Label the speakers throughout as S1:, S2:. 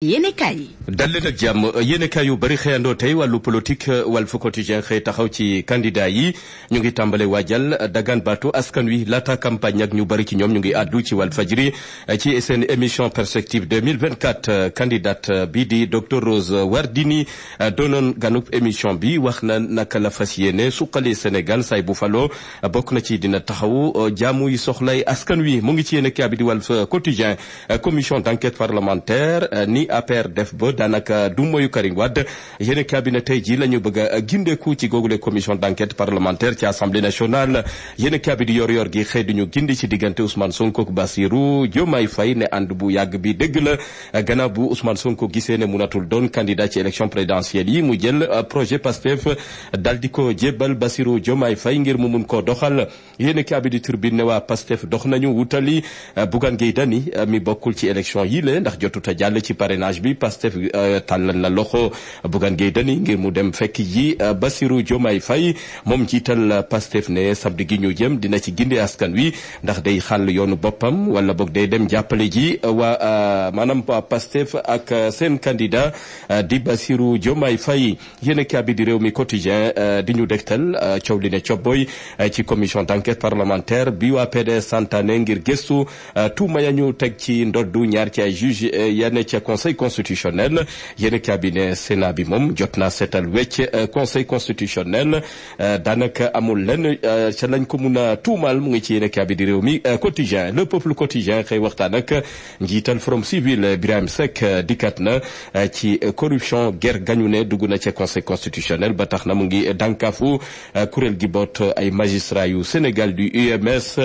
S1: yéenekaay yi. dalleen ak jàmm yéenekaay yu bari xëyandoo tey wàllu politique euh, Walf Quotidien xëy taxaw ci candidat yi ñu ngi tàmbale waajal dagaan baatu askan wi laata campagne ak ñu bari ci ñoom ñu ngi àddu ci Walfadjri euh, ci seen émission perspective 2024 euh, candidate bi di docteur Rose Wardini doonoon ganub émission bi wax na naka la fas yéene suqali Sénégal say bu falo bokk na ci dina taxaw jaamu yi soxlay askan wi mu ngi ci yéenekaay bi di Walf Quotidien commission d'enquête parlementaire ni APR def ba daanaka du moyu Karim Wade yéen cabinet ji la ñu bëgg a gindeeku ci googule commission d'enquête parlementaire ci assemblée nationale yéen cabinet yor yor gi xëy duñu gindi ci diggante Ousmane Sonko ak Bassirou Diomaye Faye ne ànd bu yàgg bi dëgg la gannaaw bu Ousmane Sonko gisee ne munatul doon candidat ci élection présidentielle yi mu jël projet Pastef dal di ko jébbal Bassirou Diomaye fay ngir mu mun koo doxal yéen cabinet Tribune ne waa Pastef dox nañu wutali Bougane Gueye Dany mi a parrainage bi Pastef euh, tàllal na loxo Bougane Gueye Dany ngir mu dem fekk yi euh, Bassirou Diomaye Faye moom jiital Pastef ne samedi gi ñu jëm dina ci gindi askan wi ndax day xal yoonu boppam wala boog day dem jàppale ji euh, waa maanaam Pastef ak sen candidat di Bassirou Diomaye fay yéen ka kaabi di réew mi quotidien di ñu dégtal coow li ne ci commission d'enquête parlementaire bi waa PDS santaane ngir gëstu tuuma ya ñu teg ci ndoddu ñaar ci ay juge yenn ca conseil conseil constitutionnel yéen cabinet Sénat bi moom jot naa seetal wecc euh, conseil constitutionnel euh, daanaka amul lenn euh, ca lañ ko mun a tuumaal mu ngi ci yéen cabinet réew mi quotidien le peuple quotidien xëy waxtaan ak njiital Forum Civil Birahim Seck dikkat na ci corruption guerre gañu ne dugg na ca conseil constitutionnel ba tax na mu ngi dànkaafu kuréel gi boot ay magistra yu Sénégal du UMS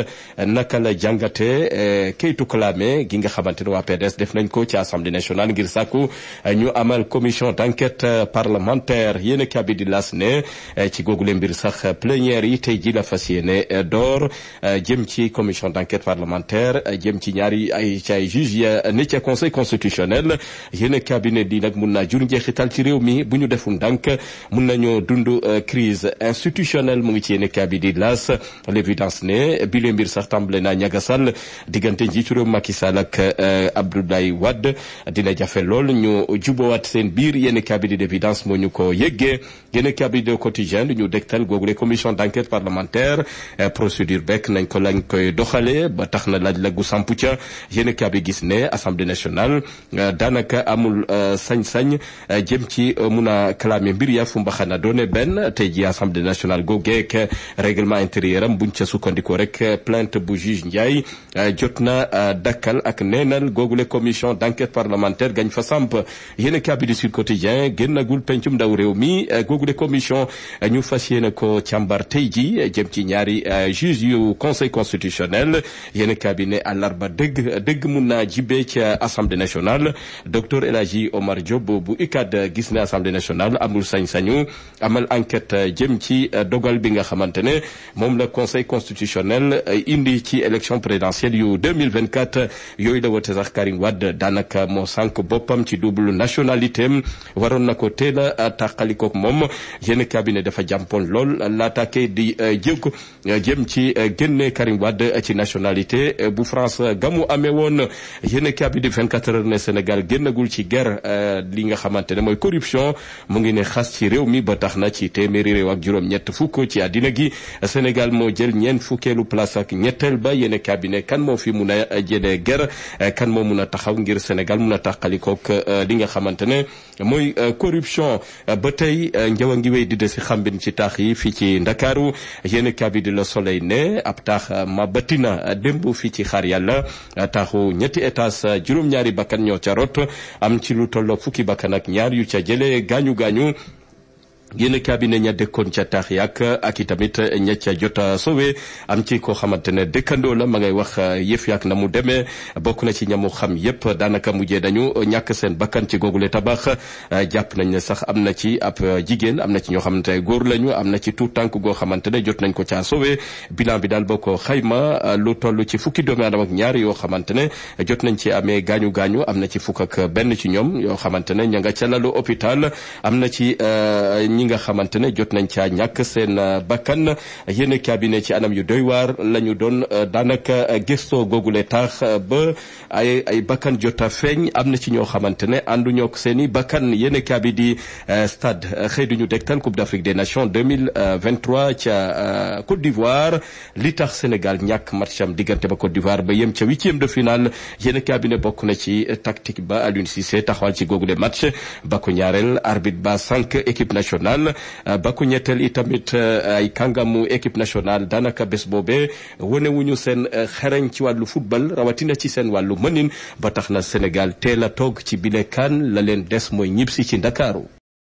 S1: naka la jàngate kayitu kalaame gi nga xamante ne waa def nañ ko ci assemblée nationale ngir sàkku eh, ñu amal commission d'enquête eh, parlementaire yéen a kabi di las ne eh, ci googule mbir sax plénière yi tey ji la fas yéene door jëm ci commission d'enquête parlementaire jëm ci ñaari ay ci ay ne ca conseil constitutionnel yéen a cabinet di nag mun naa jur njeexital ci réew mi bu ñu deful ndànk mun na nañoo dund crise institutionnelle mu ngi ci yéen a cabinet di las l'évidence ne bi le mbir sax tàmbale naa ñagasal diggante njiitu réew Macky Sall ak Abdoulaye Wade dina jafe lool ñu jubbowaat seen biir yéen cabinet d' évidence moo ñu ko yëggee yéen cabinet de quotidien lu ñu dégtal googu les commission d' enquête parlementaire eh, procédure bekk nañ ko lañ koy doxalee ba tax na laaj la gu sampu ca yéen cabinet gis ne assemblée nationale eh, daanaka amul eh, sañ-sañ jëm ci mun a clamer mbir ya fu mbaxana doone benn tey ji assemblée nationale googek règlement intérieur am buñ ca sukkandikoo rek plainte bu juge Ndiaye jot na dakkal ak neenal googu commission d' kër gañ fa samp yéen a kaabi di Sud Quotidien génnagul pencum ndaw réew mi eh, googu de commission eh, ñu fas yéene ko càmbar tey ji eh, jëm ci ñaari juge yu conseil constitutionnel yéen a kaabi ne àllarba dëgg dëgg mun naa jibee ca assemblée nationale docteur El Hadji Omar Diop bu UCAD gis ne assemblée nationale amul sañ-sañu amal enquête jëm ci dogal bi nga xamante ne moom la conseil constitutionnel indi ci élection présidentielle yu 2024 yooyu la wote sax Karim Wade daanaka moo sànq boppam ci double nationalité am waroon na ko teel a tàqalikook moom yéen cabinet dafa jàmpoon lool l'attaqué di e, jéego e, jëm ci e, génne Karim Wade ci nationalité bu France gamu amee woon yéen cabinet 24 heures ne Sénégal génnagul ci guerre li nga xamante ne mooy corruption mu ngi ne xas ci réew mi ba tax na ci téeméeri réew ak juróom-ñett fukk ci àddina gi Sénégal moo jël ñeent fukkeelu place ak ñetteel ba yéen cabinet kan moo fi mun a jëlee guerre kan moom mun a taxaw ngir Sénégal mun a tàqali tàqalikook li euh, nga xamante ne mooy euh, corruption euh, ba tey njëw a ngi wéy di de si xambin ci taax yi fii ci ndakaaru yéen kabi di la soleil ne ab taax ma batina démb fii ci xaar yàlla taxu ñetti étage juróom-ñaari bakkan ñoo ca rot am ci lu tollo fukki bakkan ak ñaar yu ca jële gaañu gaañu yéen cabinet ña dëkkoon ca taax yàq ak i tamit ña ca jot a am ci koo xamante ne dëkkandoo la ma ngay wax yëf yàq na mu demee bokk na ci ñam ñamu xam yëpp daanaka mujjee dañu ñàkk seen bakkan ci googule tabax jàpp nañ ne sax am na ci ab jigéen am na ci ñoo xamante ne góor lañu am na ci tout tànk goo xamante ne jot nañ ko caa sowe bilan bi daal boo ko xayma lu toll ci fukki doomi aadama ak ñaar yoo xamante ne jot nañ ci amee gaañu gaañu am na ci fukk ak benn ci ñoom yoo xamante ne ña nga ca lalu hôpital am na ci euh, ñi nga xamante ne jot nañ caa ñàkk seen euh, bakkan yéen cabinet ci anam yu doy waar la ñu doon euh, daanaka euh, gëstoo googule tax ba ay ay bakkan jot a feeñ am na ci ñoo xamante ne ànduñoo ak seen i bakkan yéen cabinet di stade xëy duñu dégtal Coupe d'Afrique des Nations 2023 ca Côte d'Ivoire li tax Sénégal ñàkk matcham diggante ba Côte d'Ivoire ba yem ca huitième de finale yéen cabinet bokk na ci tactique ba Aliou Cissé taxawal ci googule match ba ñaareel arbitre ba équipe nationale nationale eh, ba ku ñetteel itamit eh, ay kàngamu équipe nationale daanaka bés boobee wane seen eh, xereñ ci wàllu football rawatina ci seen wàllu mënin ba tax na Sénégal teel a toog ci bile kan la leen des mooy ñibsi ci Ndakaaru